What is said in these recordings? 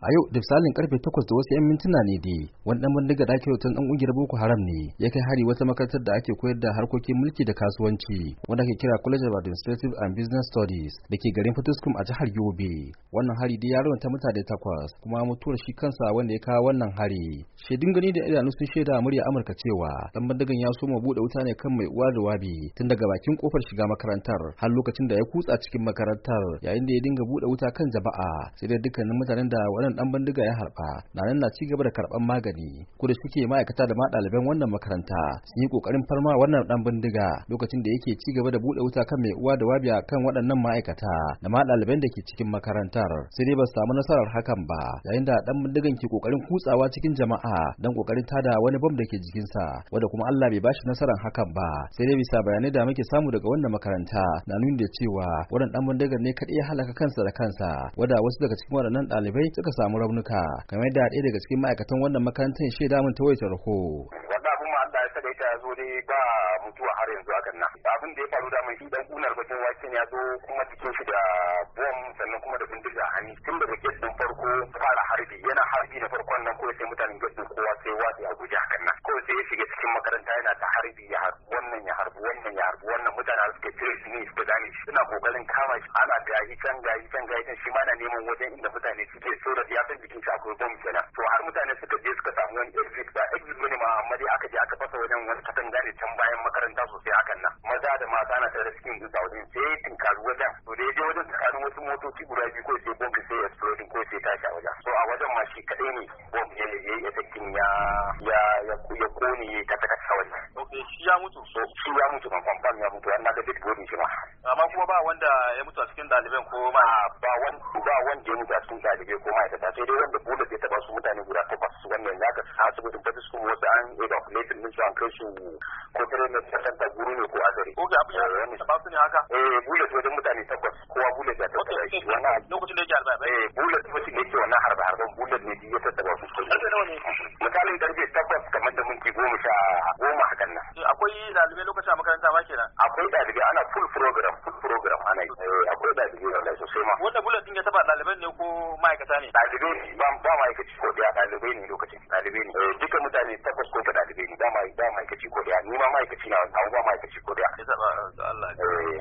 a yau da misalin karfe 8 da wasu 'yan mintuna ne dai wani dan bindiga da ake hoton dan kungiyar Boko Haram ne ya kai hari wata makarantar da ake koyar da harkokin mulki da kasuwanci wanda ake kira College of Administrative and Business Studies da ke garin Fatuskum a jihar Yobe wannan hari dai ya rawanta mutane takwas kuma mutuwar shi kansa wanda ya kawo wannan hari shedin gani da idanu sun shaida murya Amurka cewa dan bindigan ya soma bude wuta ne kan mai uwa da wabi tun daga bakin kofar shiga makarantar har lokacin da ya kutsa cikin makarantar yayin da ya dinga bude wuta kan jama'a sai dai dukkanin mutanen da wannan dan bindiga ya harba na nan na ci gaba da karban magani ko da suke ma'aikata da ma ɗaliban wannan makaranta sun yi kokarin farma wannan dan bindiga lokacin da yake ci gaba da bude wuta kan mai uwa da wabiya kan waɗannan ma'aikata da ma ɗaliban da ke cikin makarantar sai dai ba su samu nasarar hakan ba yayin da dan bindigan ke kokarin kutsawa cikin jama'a dan kokarin tada wani bom da ke jikinsa wanda kuma Allah bai bashi nasarar hakan ba sai dai bisa bayanai da muke samu daga wannan makaranta na nuni da cewa wannan dan bindigar ne kadai ya halaka kansa da kansa wanda wasu daga cikin waɗannan ɗalibai suka samu raunuka kamar da ɗaya daga cikin ma'aikatan wannan makarantar shi damun ta wayar da ya zo dai ba mutuwa har yanzu a kanna abin da ya faru da mai shi dan kunar bakin waken ya zo kuma cikin shi da bom sannan kuma da bindiga a hannu tun daga gate din farko fara harbi yana harbi na farkon nan kawai sai mutanen gate kowa sai wasu a guje hakan kanna kawai sai ya shiga cikin makaranta yana ta harbi ya harbi wannan ya harbi wannan ya harbi mutane suka cire su ne su dame shi suna kokarin kama shi ana gayi can gayi can gayi can shi ma na neman wajen inda mutane suke so da ya san jikin shi akwai bom kenan to har mutane suka je suka samu wani exit ba exit wani ma amma aka je aka fasa wajen wani katanga ne can bayan makaranta sosai hakan na maza da mata na tare da cikin dutsa wajen sai tinkaru wajen to da ya je wajen tsakanin wasu motoci guda biyu ko mutu kan kwamfan ya mutu yana da bit godin shi amma kuma ba wanda ya mutu a cikin daliban ko ma ah, ba wanda ba wanda ya mutu a cikin dalibai ko ma'aikata sai dai wanda bola ya taba su mutane guda takwas wannan ya ka asibitin ta kuma wasu an kuma din su an kai su ko ta guru ne ko azari ko ga da ba su ne haka eh bola ce wajen mutane takwas kowa ya shi wannan lokacin da yake eh wajen da wannan harba harban bola ne ya su misalin karfe takwas kamar da minti goma sha goma hakan nan eh, akwai dalibai kenan akwai ɗalibai ana full program full ma'aikata ne ɗalibai ne ba ma aikaci ko ɗaya ɗalibai ne lokacin ɗalibai ne eh, duka mutane takwas ko ɗalibai ne ba ko ni ma aikaci na wani ba aikaci ko ɗaya. Eh,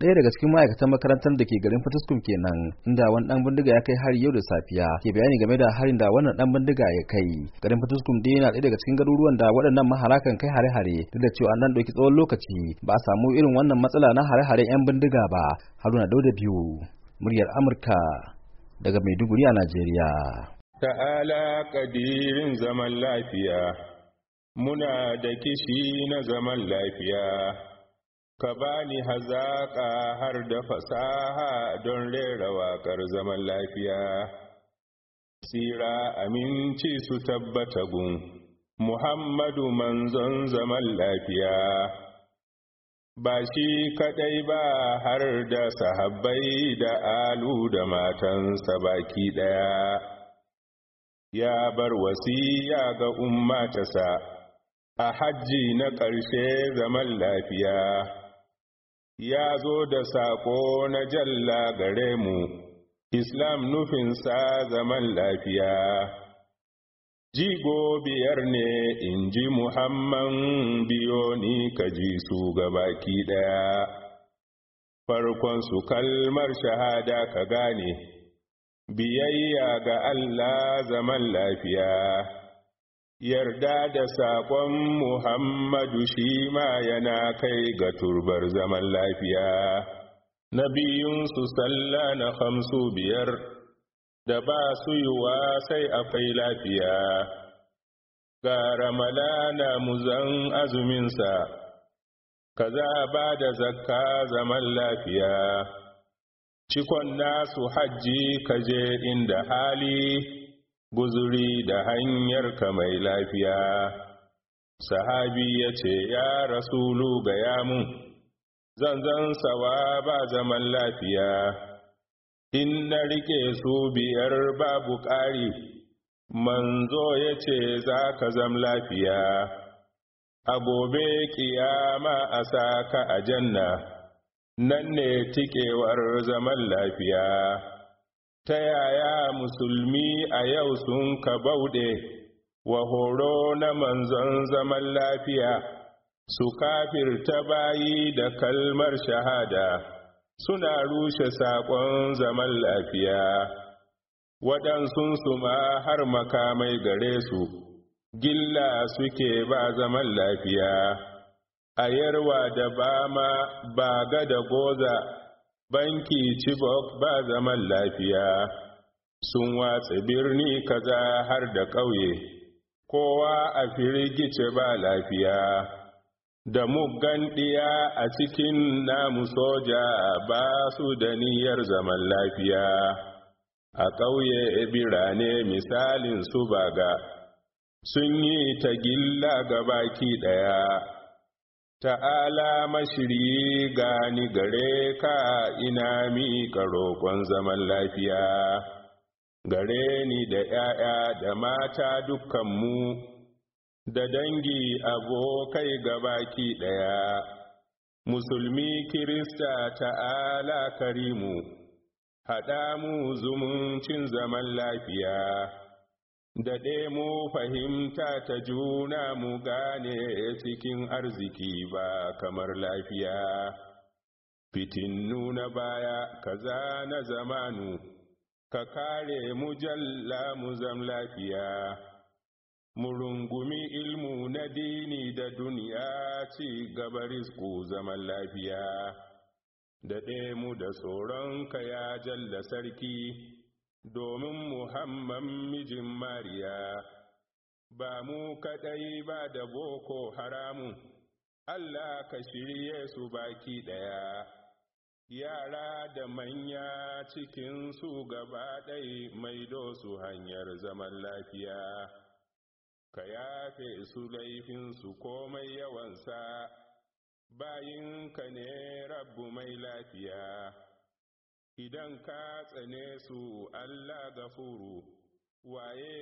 ɗaya daga cikin ma'aikatan makarantar da ke garin Fataskum kenan inda wani ɗan bindiga ya kai hari yau da safiya ke bayani game da harin da wannan ɗan bindiga ya kai. Garin Fataskum dai yana ɗaya daga cikin garuruwan da waɗannan maharakan kai hare-hare duk da cewa nan ɗauki tsawon lokaci ba a samu irin wannan matsala na hare hare 'yan bindiga ba. Haruna da biyu muryar Amurka daga Maiduguri a Najeriya. Ta'ala kadirin zaman lafiya, muna da kishi na zaman lafiya, ka bani hazaƙa har da fasaha don rera waƙar zaman lafiya. tsira aminci su tabbata gun, Muhammadu manzon zaman lafiya. ba shi kadai ba har da sahabbai da alu da matansa baki daya ya bar wasiya ga ummatasa a hajji na ƙarshe zaman lafiya ya zo da sako na jalla gare mu islam nufinsa zaman lafiya jigo biyar ne in ji muhamman biyo ni ka ji su gabaki ɗaya farkon su kalmar shahada ka gane biyayya ga Allah zaman lafiya yarda da saƙon muhammadu shi ma yana kai ga turbar zaman lafiya na biyunsu sallah na hamsu biyar da ba su wa sai akwai lafiya ga na muzan azuminsa ka za ba da zakka zaman lafiya cikon nasu hajji ka je inda hali guzuri da hanyar ka mai lafiya sahabi ya ce ya rasulu ga yamu zan sawa ba zaman lafiya in na rike su biyar babu ƙari manzo ya ce za ka zam lafiya a gobe kiyama a sa ka a janna nan ne tikewar zaman lafiya ta yaya musulmi a yau sun ka bauɗe wa horo na manzon zaman lafiya su kafirta bayi da kalmar shahada suna rushe saƙon zaman lafiya waɗansunsu ma har makamai gare su gilla suke ba zaman lafiya a yarwa da ma ba ga da goza banki cibok ba zaman lafiya sun watsa birni kaza har da ƙauye kowa a firgice ba lafiya da muggan ɗiya a cikin namu soja ba su da niyyar zaman lafiya a ƙauye birane misalin su baga sun yi ta gilla ga baki ɗaya ta'ala mashiri gani gare ka ina miƙa roƙon zaman lafiya gare ni da ‘ya'ya da mata dukkanmu da dangi abokai ki ɗaya, musulmi Kirista ta'ala karimu, haɗa mu zumuncin zaman lafiya, da mu fahimta ta juna mu gane cikin arziki ba kamar lafiya. Fitin nuna baya kaza na zamanu, ka kare mu jalla mu zam lafiya. murungumi ilmu na dini da duniya ci gaba risku zaman lafiya daɗe mu da tsoronka ya jalla sarki domin muhammad mijin mariya ba mu kaɗai ba da boko haramu. allah ka shirye su baki ɗaya yara da manya cikin su gaba ɗai maido su hanyar zaman lafiya ka yafe su laifin su komai yawansa ka ne rabu mai lafiya idan ka tsane su Allah gafuru waye